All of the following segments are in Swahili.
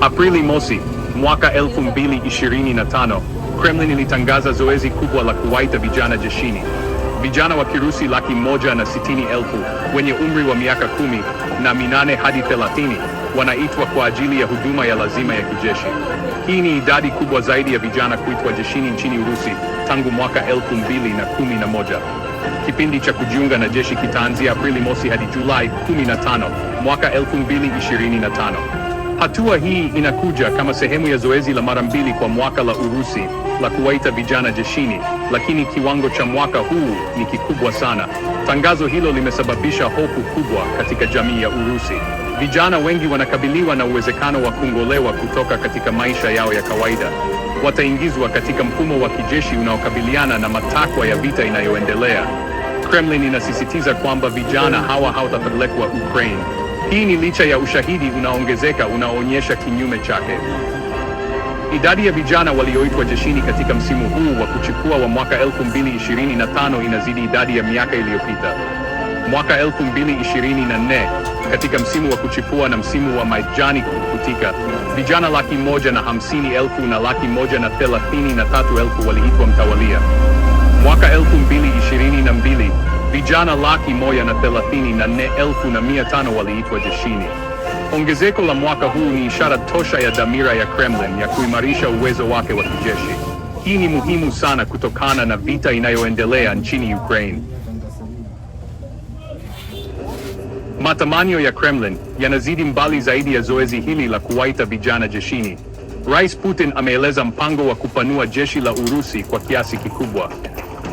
Aprili mosi mwaka 2025, Kremlin ilitangaza zoezi kubwa la kuwaita vijana jeshini. Vijana wa Kirusi laki moja na sitini elfu wenye umri wa miaka kumi na minane hadi thelathini wanaitwa kwa ajili ya huduma ya lazima ya kijeshi. Hii ni idadi kubwa zaidi ya vijana kuitwa jeshini nchini Urusi tangu mwaka elfu mbili na kumi na moja. Kipindi cha kujiunga na jeshi kitaanzia Aprili mosi hadi Julai 15 mwaka tano. Hatua hii inakuja kama sehemu ya zoezi la mara mbili kwa mwaka la Urusi la kuwaita vijana jeshini, lakini kiwango cha mwaka huu ni kikubwa sana. Tangazo hilo limesababisha hofu kubwa katika jamii ya Urusi. Vijana wengi wanakabiliwa na uwezekano wa kungolewa kutoka katika maisha yao ya kawaida. Wataingizwa katika mfumo wa kijeshi unaokabiliana na matakwa ya vita inayoendelea. Kremlin inasisitiza kwamba vijana hawa hawatapelekwa Ukraine. Hii ni licha ya ushahidi unaongezeka unaoonyesha kinyume chake. Idadi ya vijana walioitwa jeshini katika msimu huu wa kuchukua wa mwaka 2025 inazidi idadi ya miaka iliyopita. Mwaka 2024 katika msimu wa kuchipua na msimu wa majani kukutika vijana laki moja na hamsini elfu na laki moja na thelathini na tatu elfu waliitwa mtawalia. Mwaka 2020 na vijana laki moja na thelathini na nne elfu na mia tano waliitwa jeshini. Ongezeko la mwaka huu ni ishara tosha ya dhamira ya Kremlin ya kuimarisha uwezo wake wa kijeshi. Hii ni muhimu sana kutokana na vita inayoendelea nchini Ukraine. Matamanio ya Kremlin yanazidi mbali zaidi ya zoezi hili la kuwaita vijana jeshini. Rais Putin ameeleza mpango wa kupanua jeshi la Urusi kwa kiasi kikubwa.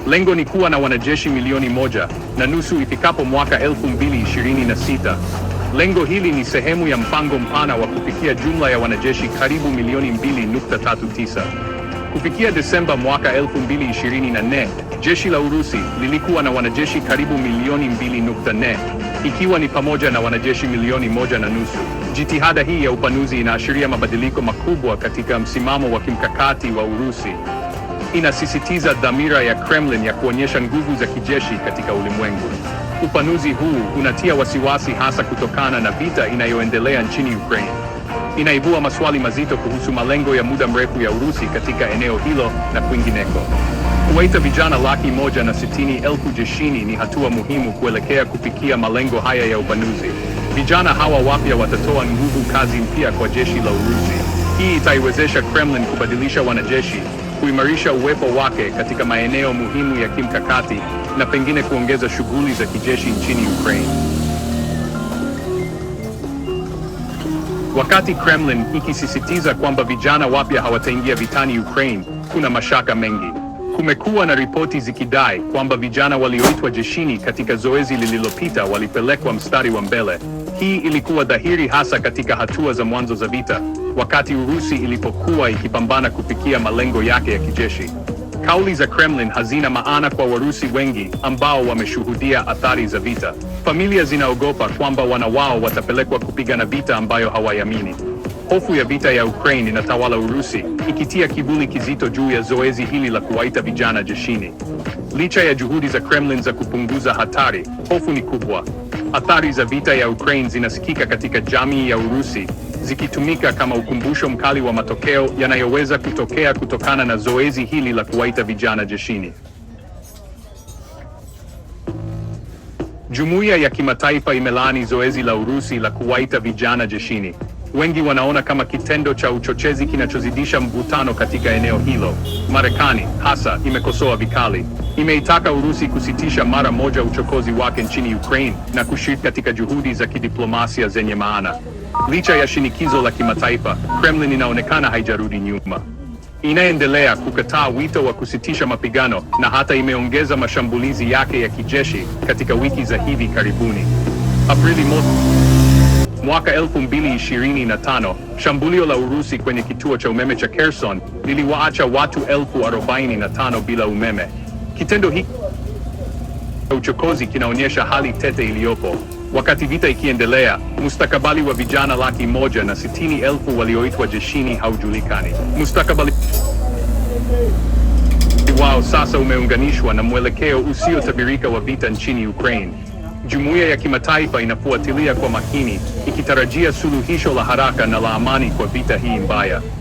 Lengo ni kuwa na wanajeshi milioni moja na nusu ifikapo mwaka 2026. Lengo hili ni sehemu ya mpango mpana wa kufikia jumla ya wanajeshi karibu milioni 2.39. Kufikia Desemba mwaka 2024, jeshi la Urusi lilikuwa na wanajeshi karibu milioni 2.4, ikiwa ni pamoja na wanajeshi milioni moja na nusu. Jitihada hii ya upanuzi inaashiria mabadiliko makubwa katika msimamo wa kimkakati wa Urusi inasisitiza dhamira ya Kremlin ya kuonyesha nguvu za kijeshi katika ulimwengu. Upanuzi huu unatia wasiwasi hasa kutokana na vita inayoendelea nchini Ukraine. Inaibua maswali mazito kuhusu malengo ya muda mrefu ya Urusi katika eneo hilo na kwingineko. Kuwaita vijana laki moja na sitini elfu jeshini ni hatua muhimu kuelekea kufikia malengo haya ya upanuzi. Vijana hawa wapya watatoa nguvu kazi mpya kwa jeshi la Urusi. Hii itaiwezesha Kremlin kubadilisha wanajeshi kuimarisha uwepo wake katika maeneo muhimu ya kimkakati na pengine kuongeza shughuli za kijeshi nchini Ukraine. Wakati Kremlin ikisisitiza kwamba vijana wapya hawataingia vitani Ukraine, kuna mashaka mengi. Kumekuwa na ripoti zikidai kwamba vijana walioitwa jeshini katika zoezi lililopita walipelekwa mstari wa mbele. Hii ilikuwa dhahiri hasa katika hatua za mwanzo za vita wakati Urusi ilipokuwa ikipambana kufikia malengo yake ya kijeshi. Kauli za Kremlin hazina maana kwa Warusi wengi ambao wameshuhudia athari za vita. Familia zinaogopa kwamba wana wao watapelekwa kupigana vita ambayo hawayamini Hofu ya vita ya Ukraine inatawala Urusi, ikitia kivuli kizito juu ya zoezi hili la kuwaita vijana jeshini. Licha ya juhudi za Kremlin za kupunguza hatari, hofu ni kubwa. Athari za vita ya Ukraine zinasikika katika jamii ya Urusi, zikitumika kama ukumbusho mkali wa matokeo yanayoweza kutokea kutokana na zoezi hili la kuwaita vijana jeshini. Jumuiya ya kimataifa imelaani zoezi la Urusi la kuwaita vijana jeshini. Wengi wanaona kama kitendo cha uchochezi kinachozidisha mvutano katika eneo hilo. Marekani hasa imekosoa vikali imeitaka Urusi kusitisha mara moja uchokozi wake nchini Ukraine na kushiriki katika juhudi za kidiplomasia zenye maana. Licha ya shinikizo la kimataifa, Kremlin inaonekana haijarudi nyuma. Inaendelea kukataa wito wa kusitisha mapigano na hata imeongeza mashambulizi yake ya kijeshi katika wiki za hivi karibuni. Aprili mosi mwaka 2025, shambulio la Urusi kwenye kituo cha umeme cha Kherson liliwaacha watu elfu bila umeme. Kitendo hiki cha uchokozi kinaonyesha hali tete iliyopo wakati vita ikiendelea. Mustakabali wa vijana laki moja na sitini elfu walioitwa jeshini haujulikani. Mustakabali wao sasa umeunganishwa na mwelekeo usiotabirika wa vita nchini Ukraine. Jumuiya ya kimataifa inafuatilia kwa makini, ikitarajia suluhisho la haraka na la amani kwa vita hii mbaya.